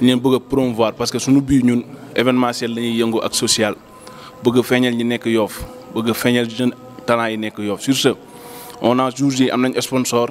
ñu leen bëgg a parce que suñu biir ñun événement la lañuy yëngu ak social bëgg a feeñal ñi nekk yoof bëgg a feeñal jeune talent yi nekk yoof sur ce on a jour yi am nañ sponsor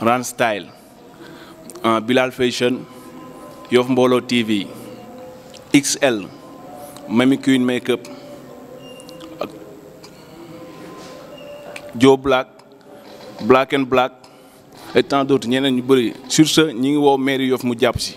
Ran Style euh, Bilal Fashion yoof Mbooloo TV XL Mami Queen Makeup ak Joe Black Black and Black et tant d'autres ñeneen ñu bëri sur ce ñi ngi woo mairie Yoff mu jàpp si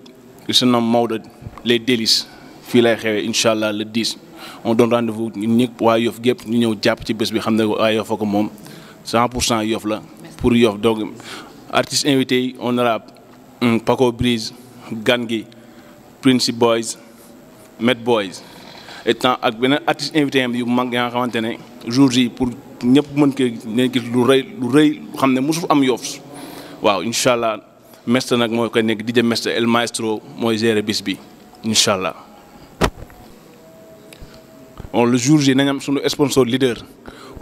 qui se nomme les délices filaire, lay le 10 on donne rendez-vous ñun pour waa Gep, gépp ñu ñëw jàpp ci bés bi xam ne ko 100 pour cent la pour Yoff donc artistes invités on aura hum, Paco Brise Gan Prince Boys Met Boys et tant ak beneen artiste invité yam yu un yaa nga xamante ne pour ñëpp mën ko ne gis lu rëy lu rëy xam ne mosul am waaw mestre nak moy ko nek mestre El Maestro moy gérer bis bi le jour J nous sunu sponsor leader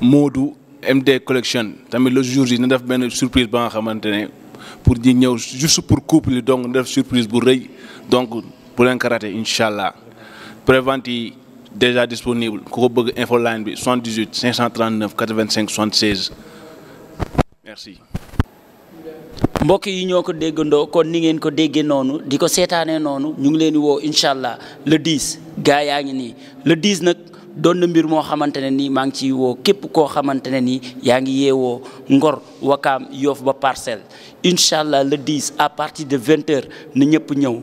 Modou MD collection tamit le jour J na def une surprise ba xamantene pour di ñew juste pour couple donc def surprise bu vous. donc pour un karaté inshallah. Préventi déjà disponible ko bëgg info line bi 78 539 85 76 merci. mbokk yi ñoo ko déggandoo kon ni ngeen ko déggee noonu di ko seetaanee noonu ñu ngi leen di woo incha allah le 10 gaa yaa ngi nii le 10 nag doon na mbir moo xamante ne nii maa ngi ciy woo képp koo xamante ne nii yaa ngi yeewoo Ngor Wakaam yoof ba parcelle incha allah le 10 à partie de 20h na ñëpp ñëw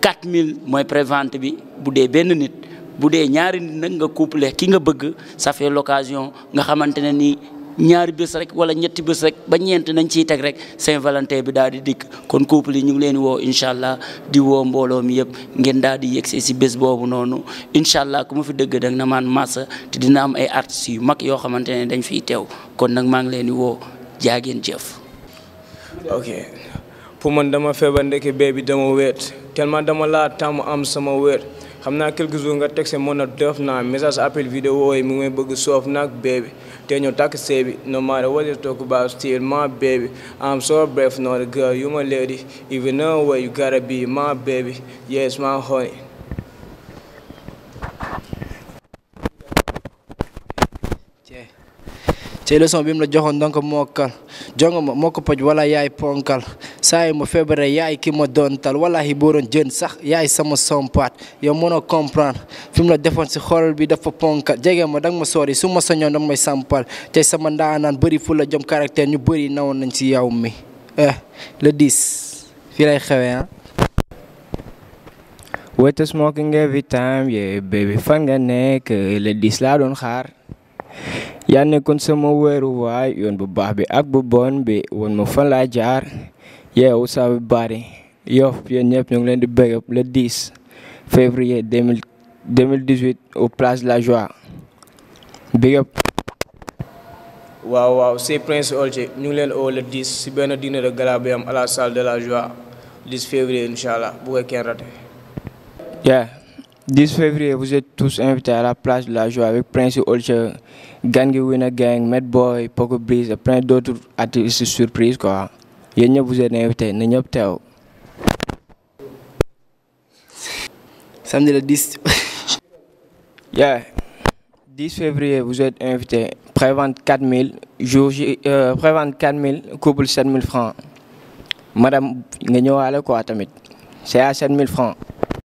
4000 mooy prévente bi bu dee benn nit bu dee ñaari nit nag nga couplé ki nga bëgg ça fait l'occasion nga xamante ne nii. ñaari bés rek wala ñetti bés rek ba ñent nañ ci tek rek saint valentin bi daal di dik kon couple yi ñu ngi leen wo inshallah di wo mbolo mi yeb ngeen daal di yexé ci bés bobu nonu inshallah allah ku ma fi dëgg dag na man massa te dina am ay artiste yu mag yo xamantene dañ fi tew kon nak ma ngi leen wo woo jëf ok pour man dama feebar ndeke dama wét tellement dama la tam am sama wét xam naa quelques jours nga texte mën na def naa message appel vidéo am mu ngi bëgg soof naag baby te ñu take see bi no matter what you talk about still my baby I'm so brave not a girl you my lady even know where you gotta be my baby yes my honey ci leçon bi mu la joxoon donc mokkal jongo ma moo ko poj wala yaay ponkal saay ma feebaree yaay ki ma doon tal wallaahi doon jën sax yaay sama sompaat yow mënoo comprendre fi mu la defoon si xoolal bi dafa ponkal jege ma danga ma sori su ma soñoon danga may sampal te sama ndaanaan bëri fu la jom caractère ñu bëri nawoon nañ si yow mi eh le 10 fii lay xewee ah weta smoking every time yeah baby fan nga nekk le 10 laa doon xaar yaa kon sama weeru waay yoon bu baax bi ak bu bon bi woon ma fan laa jaar yeewu saa bi bari yo yéen ñëpp ñu ngi leen di bëgg le 10 février 2018 au place la joie big up waaw waaw c'est Prince Olcé ñu ngi leen oo le 10 si benn dîner de gala bi am à la salle de la joie 10 février incha allah bu kenn rate yeah 10 février, vous êtes tous invités à la place de la joie avec Prince Olcher, Gangue Winner Gang, Mad Boy, Poco Breeze et plein d'autres artistes surprises. Quoi. Vous êtes invités, vous êtes invités. Samedi le 10. yeah. 10 février, vous êtes invités. Prévente 4000, jour euh, prévente 4000, couple 7000 francs. Madame, vous êtes quoi, Tamit? C'est à 7000 francs.